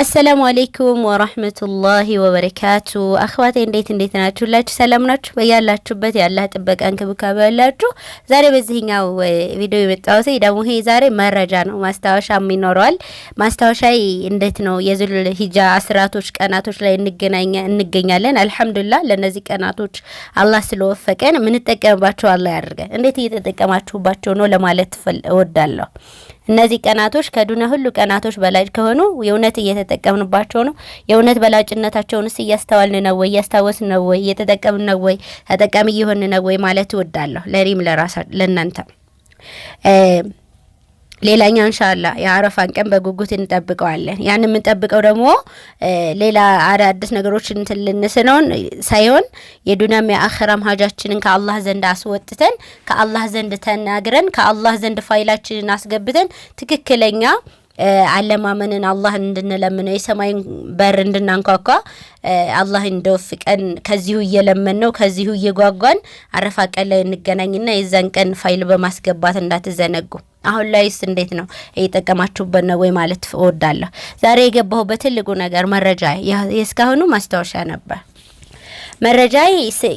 አሰላሙ አሌይኩም ወራህመቱላሂ ወበረካቱ። አኽዋቴ እንዴት እንዴት ናችሁ? ሁላችሁ ሰላም ናችሁ? በያላችሁበት ያለ ጥበቃ እንክብካቤ ያላችሁ። ዛሬ በዚህኛው ቪዲዮ የመጣሁት ደግሞ ይሄ ዛሬ መረጃ ነው፣ ማስታወሻም ይኖረዋል። ማስታወሻ እንዴት ነው የዙል ሂጃ አስራቶች ቀናቶች ላይ እንገኛለን። አልሐምዱሊላህ ለእነዚህ ቀናቶች አላህ ስለወፈቀን ምንጠቀምባቸው አላህ ያድርገን። እንዴት እየተጠቀማችሁባቸው ነው ለማለት እወዳለሁ። እነዚህ ቀናቶች ከዱነ ሁሉ ቀናቶች በላጭ ከሆኑ የእውነት እየተጠቀምንባቸው ነው? የእውነት በላጭነታቸውንስ እያስተዋልን ነው ወይ? እያስታወስን ነው ወይ? እየተጠቀምን ነው ወይ? ተጠቃሚ እየሆንን ነው ወይ ማለት እወዳለሁ ለእኔም ለራሳ ለእናንተ ሌላኛ እንሻላ የአረፋን ቀን በጉጉት እንጠብቀዋለን። ያን የምንጠብቀው ደግሞ ሌላ አዳዲስ ነገሮች እንትን ልንስነውን ሳይሆን የዱንያም የአኸራም ሀጃችንን ከአላህ ዘንድ አስወጥተን ከአላህ ዘንድ ተናግረን ከአላህ ዘንድ ፋይላችንን አስገብተን ትክክለኛ አለማመንን አላህን እንድንለምነው የሰማይን በር እንድናንኳኳ አላህ እንደወፍቀን ከዚሁ እየለመን ነው ከዚሁ እየጓጓን አረፋ ቀን ላይ እንገናኝና የዛን ቀን ፋይል በማስገባት እንዳትዘነጉ። አሁን ላይስ እንዴት ነው እየጠቀማችሁበት ነው ወይ ማለት እወዳለሁ። ዛሬ የገባሁበት ትልቁ ነገር መረጃ የእስካሁኑ ማስታወሻ ነበር። መረጃ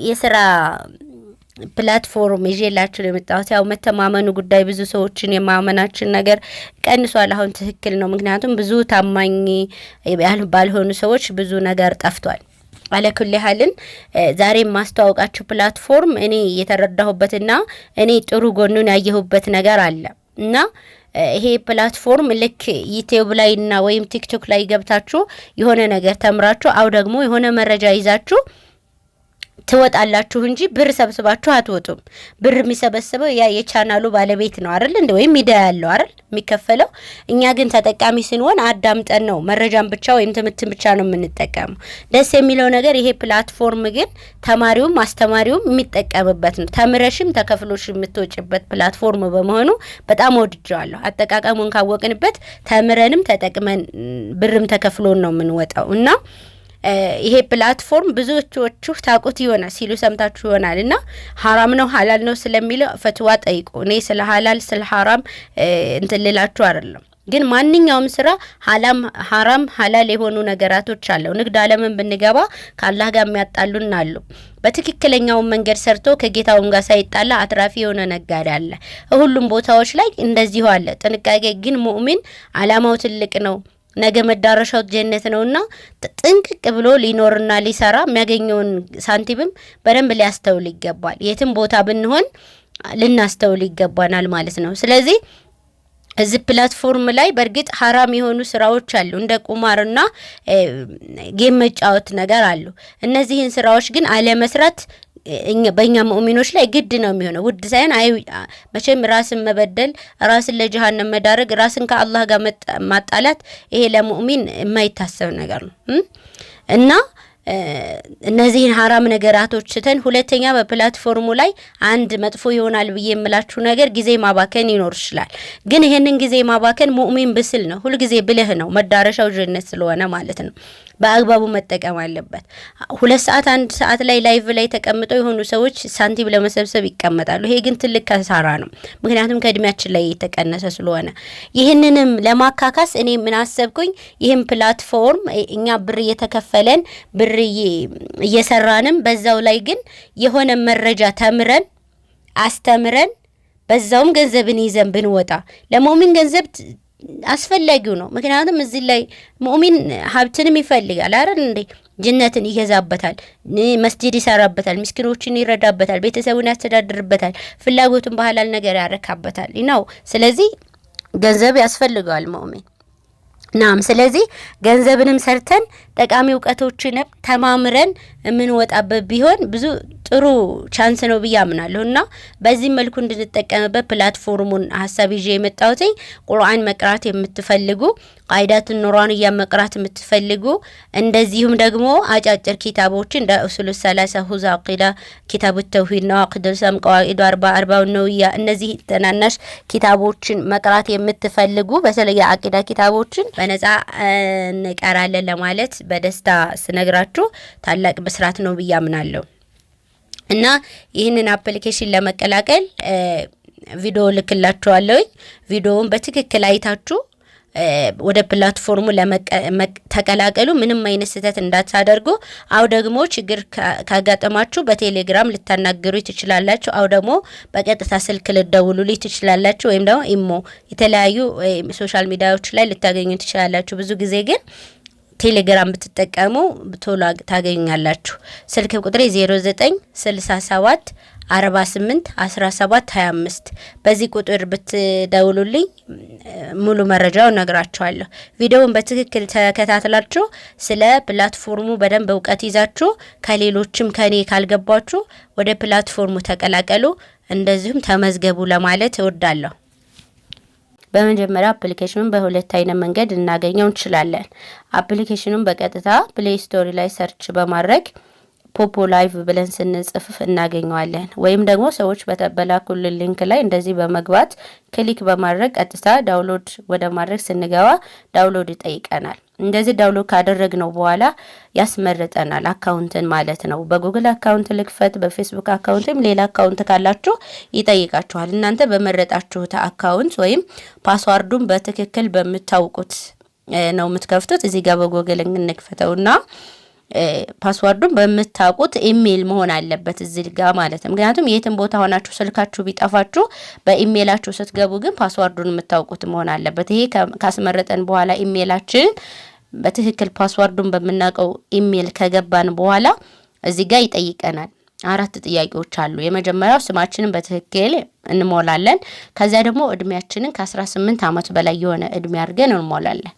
የስራ ፕላትፎርም ይዤላችሁ የመጣሁት ያው መተማመኑ ጉዳይ ብዙ ሰዎችን የማመናችን ነገር ቀንሷል። አሁን ትክክል ነው። ምክንያቱም ብዙ ታማኝ ባልሆኑ ሰዎች ብዙ ነገር ጠፍቷል። አለኩል ያህልን ዛሬ የማስተዋወቃችሁ ፕላትፎርም እኔ የተረዳሁበትና እኔ ጥሩ ጎኑን ያየሁበት ነገር አለ። እና ይሄ ፕላትፎርም ልክ ዩቲዩብ ላይ እና ወይም ቲክቶክ ላይ ገብታችሁ የሆነ ነገር ተምራችሁ አው ደግሞ የሆነ መረጃ ይዛችሁ ትወጣላችሁ እንጂ ብር ሰብስባችሁ አትወጡም። ብር የሚሰበስበው ያ የቻናሉ ባለቤት ነው አይደል እንደ ወይም ሚዲያ ያለው አይደል የሚከፈለው። እኛ ግን ተጠቃሚ ስንሆን አዳምጠን ነው መረጃን ብቻ ወይም ትምህርትን ብቻ ነው የምንጠቀመው። ደስ የሚለው ነገር ይሄ ፕላትፎርም ግን ተማሪውም አስተማሪውም የሚጠቀምበት ነው። ተምረሽም ተከፍሎሽ የምትወጭበት ፕላትፎርም በመሆኑ በጣም ወድጀዋለሁ። አጠቃቀሙን ካወቅንበት ተምረንም ተጠቅመን ብርም ተከፍሎን ነው የምንወጣው እና ይሄ ፕላትፎርም ብዙዎቹ ታቁት ይሆናል ሲሉ ሰምታችሁ ይሆናል እና ሀራም ነው ሀላል ነው ስለሚለው ፈትዋ ጠይቁ። እኔ ስለ ሀላል ስለ ሀራም እንትልላችሁ አይደለም። ግን ማንኛውም ስራ ሀላም ሀራም ሀላል የሆኑ ነገራቶች አለው። ንግድ ዓለምን ብንገባ ከአላህ ጋር የሚያጣሉን አሉ። በትክክለኛውን መንገድ ሰርቶ ከጌታውን ጋር ሳይጣላ አትራፊ የሆነ ነጋዴ አለ። ሁሉም ቦታዎች ላይ እንደዚሁ አለ። ጥንቃቄ ግን ሙእሚን አላማው ትልቅ ነው። ነገ መዳረሻው ጀነት ነውና ጥንቅቅ ብሎ ሊኖርና ሊሰራ የሚያገኘውን ሳንቲምም በደንብ ሊያስተውል ይገባል። የትም ቦታ ብንሆን ልናስተውል ይገባናል ማለት ነው። ስለዚህ እዚህ ፕላትፎርም ላይ በእርግጥ ሀራም የሆኑ ስራዎች አሉ፣ እንደ ቁማርና ጌም መጫወት ነገር አሉ። እነዚህን ስራዎች ግን አለመስራት በእኛ ሙእሚኖች ላይ ግድ ነው የሚሆነው። ውድ ሳይሆን መቼም ራስን መበደል፣ ራስን ለጀሃነም መዳረግ፣ ራስን ከአላህ ጋር ማጣላት ይሄ ለሙእሚን የማይታሰብ ነገር ነው እና እነዚህን ሀራም ነገራቶች ስተን፣ ሁለተኛ በፕላትፎርሙ ላይ አንድ መጥፎ ይሆናል ብዬ የምላችሁ ነገር ጊዜ ማባከን ይኖር ይችላል። ግን ይህንን ጊዜ ማባከን ሙእሚን ብስል ነው፣ ሁልጊዜ ብልህ ነው፣ መዳረሻው ጀነት ስለሆነ ማለት ነው። በአግባቡ መጠቀም አለበት። ሁለት ሰዓት አንድ ሰዓት ላይ ላይቭ ላይ ተቀምጠው የሆኑ ሰዎች ሳንቲም ለመሰብሰብ ይቀመጣሉ። ይሄ ግን ትልቅ ከሳራ ነው። ምክንያቱም ከእድሜያችን ላይ የተቀነሰ ስለሆነ ይህንንም ለማካካስ እኔ ምን አሰብኩኝ፣ ይህም ፕላትፎርም እኛ ብር እየተከፈለን ብር እየሰራንም በዛው ላይ ግን የሆነ መረጃ ተምረን አስተምረን በዛውም ገንዘብን ይዘን ብንወጣ ለሞሚን ገንዘብ አስፈላጊው ነው። ምክንያቱም እዚህ ላይ ሙእሚን ሀብትንም ይፈልጋል አይደል እንዴ? ጅነትን ይገዛበታል፣ መስጂድ ይሰራበታል፣ ምስኪኖችን ይረዳበታል፣ ቤተሰቡን ያስተዳድርበታል፣ ፍላጎቱን ባህላል ነገር ያረካበታል ነው። ስለዚህ ገንዘብ ያስፈልገዋል ሙእሚን ናም። ስለዚህ ገንዘብንም ሰርተን ጠቃሚ እውቀቶችንም ተማምረን የምንወጣበት ቢሆን ብዙ ጥሩ ቻንስ ነው ብዬ አምናለሁ እና በዚህ መልኩ እንድንጠቀምበት ፕላትፎርሙን ሀሳብ ይዤ የመጣሁት ቁርአን መቅራት የምትፈልጉ ቃይዳት ኑሯን እያ መቅራት የምትፈልጉ እንደዚሁም ደግሞ አጫጭር ኪታቦች እንደ ኡሱሉ ሰላሳ ሁዛ አቂዳ ኪታቡ ተውሂድ ነው አቅደሰም ቀዋኢዱ አርባ አርባው ነውያ እነዚህ ተናናሽ ኪታቦችን መቅራት የምትፈልጉ በተለይ አቂዳ ኪታቦችን በነጻ እንቀራለን ለማለት በደስታ ስነግራችሁ ታላቅ ብስራት ነው ብዬ አምናለሁ እና ይህንን አፕሊኬሽን ለመቀላቀል ቪዲዮ ልክላችኋለሁኝ። ቪዲዮውን በትክክል አይታችሁ ወደ ፕላትፎርሙ ተቀላቀሉ። ምንም አይነት ስህተት እንዳታደርጉ። አው ደግሞ ችግር ካጋጠማችሁ በቴሌግራም ልታናገሩ ትችላላችሁ። አው ደግሞ በቀጥታ ስልክ ልደውሉልኝ ትችላላችሁ። ወይም ደግሞ ኢሞ፣ የተለያዩ ሶሻል ሚዲያዎች ላይ ልታገኙ ትችላላችሁ። ብዙ ጊዜ ግን ቴሌግራም ብትጠቀሙ ቶሎ ታገኛላችሁ። ስልክ ቁጥሬ 0967 48 17 25 በዚህ ቁጥር ብትደውሉልኝ ሙሉ መረጃው እነግራችኋለሁ። ቪዲዮውን በትክክል ተከታትላችሁ ስለ ፕላትፎርሙ በደንብ እውቀት ይዛችሁ ከሌሎችም ከኔ ካልገባችሁ ወደ ፕላትፎርሙ ተቀላቀሉ፣ እንደዚሁም ተመዝገቡ ለማለት እወዳለሁ። በመጀመሪያ አፕሊኬሽኑን በሁለት አይነት መንገድ እናገኘው እንችላለን። አፕሊኬሽኑን በቀጥታ ፕሌይ ስቶሪ ላይ ሰርች በማድረግ ፖፖ ላይቭ ብለን ስንጽፍ እናገኘዋለን። ወይም ደግሞ ሰዎች በተበላኩል ሊንክ ላይ እንደዚህ በመግባት ክሊክ በማድረግ ቀጥታ ዳውንሎድ ወደ ማድረግ ስንገባ ዳውንሎድ ይጠይቀናል። እንደዚህ ዳውንሎድ ካደረግነው በኋላ ያስመርጠናል አካውንትን ማለት ነው። በጉግል አካውንት ልክፈት፣ በፌስቡክ አካውንትም ሌላ አካውንት ካላችሁ ይጠይቃችኋል። እናንተ በመረጣችሁት አካውንት ወይም ፓስዋርዱን በትክክል በምታውቁት ነው የምትከፍቱት። እዚህ ጋር በጉግል እንክፈተውና ፓስዋርዱን በምታውቁት ኢሜይል መሆን አለበት እዚህ ጋር ማለት ነው። ምክንያቱም የትም ቦታ ሆናችሁ ስልካችሁ ቢጠፋችሁ በኢሜይላችሁ ስትገቡ ግን ፓስዋርዱን የምታውቁት መሆን አለበት። ይሄ ካስመረጠን በኋላ ኢሜይላችን በትክክል ፓስዋርዱን በምናውቀው ኢሜይል ከገባን በኋላ እዚህ ጋር ይጠይቀናል። አራት ጥያቄዎች አሉ። የመጀመሪያው ስማችንን በትክክል እንሞላለን። ከዚያ ደግሞ እድሜያችንን ከ18 ዓመት በላይ የሆነ እድሜ አድርገን እንሞላለን።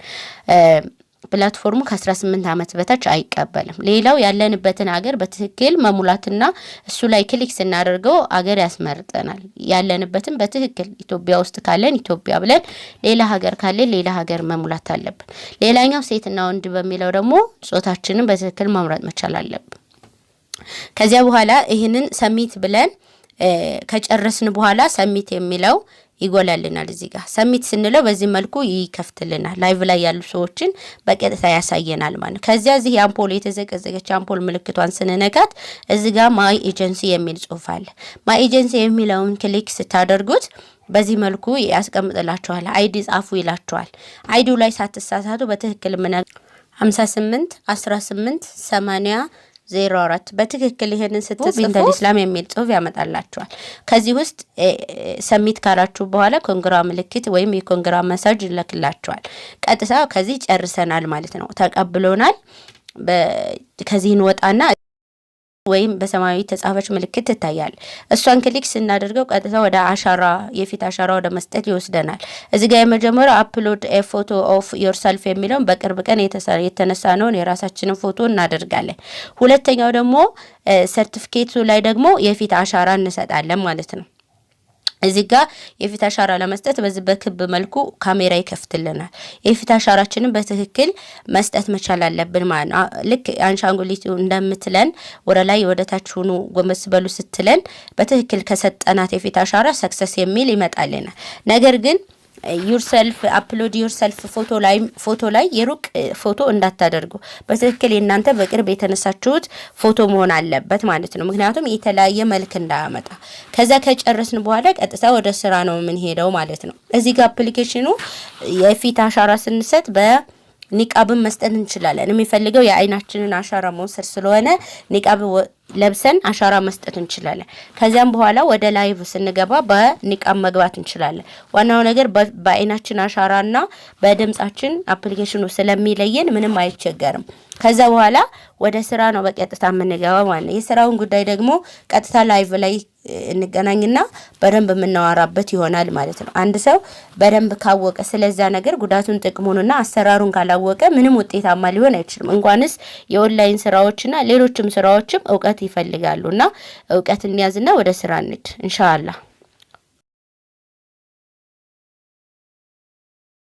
ፕላትፎርሙ ከ18 ዓመት በታች አይቀበልም። ሌላው ያለንበትን ሀገር በትክክል መሙላትና እሱ ላይ ክሊክ ስናደርገው አገር ያስመርጠናል። ያለንበትን በትክክል ኢትዮጵያ ውስጥ ካለን ኢትዮጵያ ብለን፣ ሌላ ሀገር ካለን ሌላ ሀገር መሙላት አለብን። ሌላኛው ሴትና ወንድ በሚለው ደግሞ ጾታችንን በትክክል መምረጥ መቻል አለብን። ከዚያ በኋላ ይህንን ሰሚት ብለን ከጨረስን በኋላ ሰሚት የሚለው ይጎላልናል። እዚህ ጋር ሰሚት ስንለው በዚህ መልኩ ይከፍትልናል። ላይቭ ላይ ያሉ ሰዎችን በቀጥታ ያሳየናል ማለት ነው። ከዚያ እዚህ የአምፖል የተዘቀዘቀች አምፖል ምልክቷን ስንነካት እዚ ጋ ማይ ኤጀንሲ የሚል ጽሁፍ አለ። ማይ ኤጀንሲ የሚለውን ክሊክ ስታደርጉት በዚህ መልኩ ያስቀምጥላችኋል። አይዲ ጻፉ ይላችኋል። አይዲው ላይ ሳትሳሳቱ በትክክል ምነ 58 18 80 ዜሮ አራት በትክክል ይህንን ስትጽፉ ቢንተል ኢስላም የሚል ጽሁፍ ያመጣላችኋል። ከዚህ ውስጥ ሰሚት ካላችሁ በኋላ ኮንግራ ምልክት ወይም የኮንግራ መሳጅ ይለክላችኋል። ቀጥታ ከዚህ ጨርሰናል ማለት ነው። ተቀብሎናል። ከዚህ እንወጣና ወይም በሰማያዊ ተጻፈች ምልክት ትታያል። እሷን ክሊክ ስናደርገው ቀጥታ ወደ አሻራ የፊት አሻራ ወደ መስጠት ይወስደናል። እዚ ጋ የመጀመሪያው አፕሎድ ፎቶ ኦፍ ዮርሰልፍ የሚለውን በቅርብ ቀን የተነሳ ነውን የራሳችንን ፎቶ እናደርጋለን። ሁለተኛው ደግሞ ሰርቲፊኬቱ ላይ ደግሞ የፊት አሻራ እንሰጣለን ማለት ነው። እዚህ ጋር የፊት አሻራ ለመስጠት በዚህ በክብ መልኩ ካሜራ ይከፍትልናል። የፊት አሻራችንን በትክክል መስጠት መቻል አለብን ማለት ነው። ልክ አንሻንጉሊቱ እንደምትለን ወደ ላይ ወደ ታች ሁኑ ጎንበስ በሉ ስትለን በትክክል ከሰጠናት የፊት አሻራ ሰክሰስ የሚል ይመጣልናል። ነገር ግን ዩርሰልፍ አፕሎድ ዩርሰልፍ ፎቶ ላይ ፎቶ ላይ የሩቅ ፎቶ እንዳታደርጉ። በትክክል የእናንተ በቅርብ የተነሳችሁት ፎቶ መሆን አለበት ማለት ነው። ምክንያቱም የተለያየ መልክ እንዳያመጣ። ከዛ ከጨረስን በኋላ ቀጥታ ወደ ስራ ነው የምንሄደው ማለት ነው። እዚህ ጋር አፕሊኬሽኑ የፊት አሻራ ስንሰጥ ኒቃብን መስጠት እንችላለን። የሚፈልገው የአይናችንን አሻራ መውሰድ ስለሆነ ኒቃብ ለብሰን አሻራ መስጠት እንችላለን። ከዚያም በኋላ ወደ ላይቭ ስንገባ በኒቃብ መግባት እንችላለን። ዋናው ነገር በአይናችን አሻራና በድምጻችን አፕሊኬሽኑ ስለሚለየን ምንም አይቸገርም። ከዛ በኋላ ወደ ስራ ነው በቀጥታ የምንገባ ማለት ነው። የስራውን ጉዳይ ደግሞ ቀጥታ ላይቭ ላይ እንገናኝና በደንብ የምናወራበት ይሆናል ማለት ነው። አንድ ሰው በደንብ ካወቀ ስለዛ ነገር ጉዳቱን፣ ጥቅሙንና አሰራሩን ካላወቀ ምንም ውጤታማ ሊሆን አይችልም። እንኳንስ የኦንላይን ስራዎችና ሌሎችም ስራዎችም እውቀት እውቀት ይፈልጋሉ እና እውቀት እንያዝና ወደ ስራ እንድ እንሻላ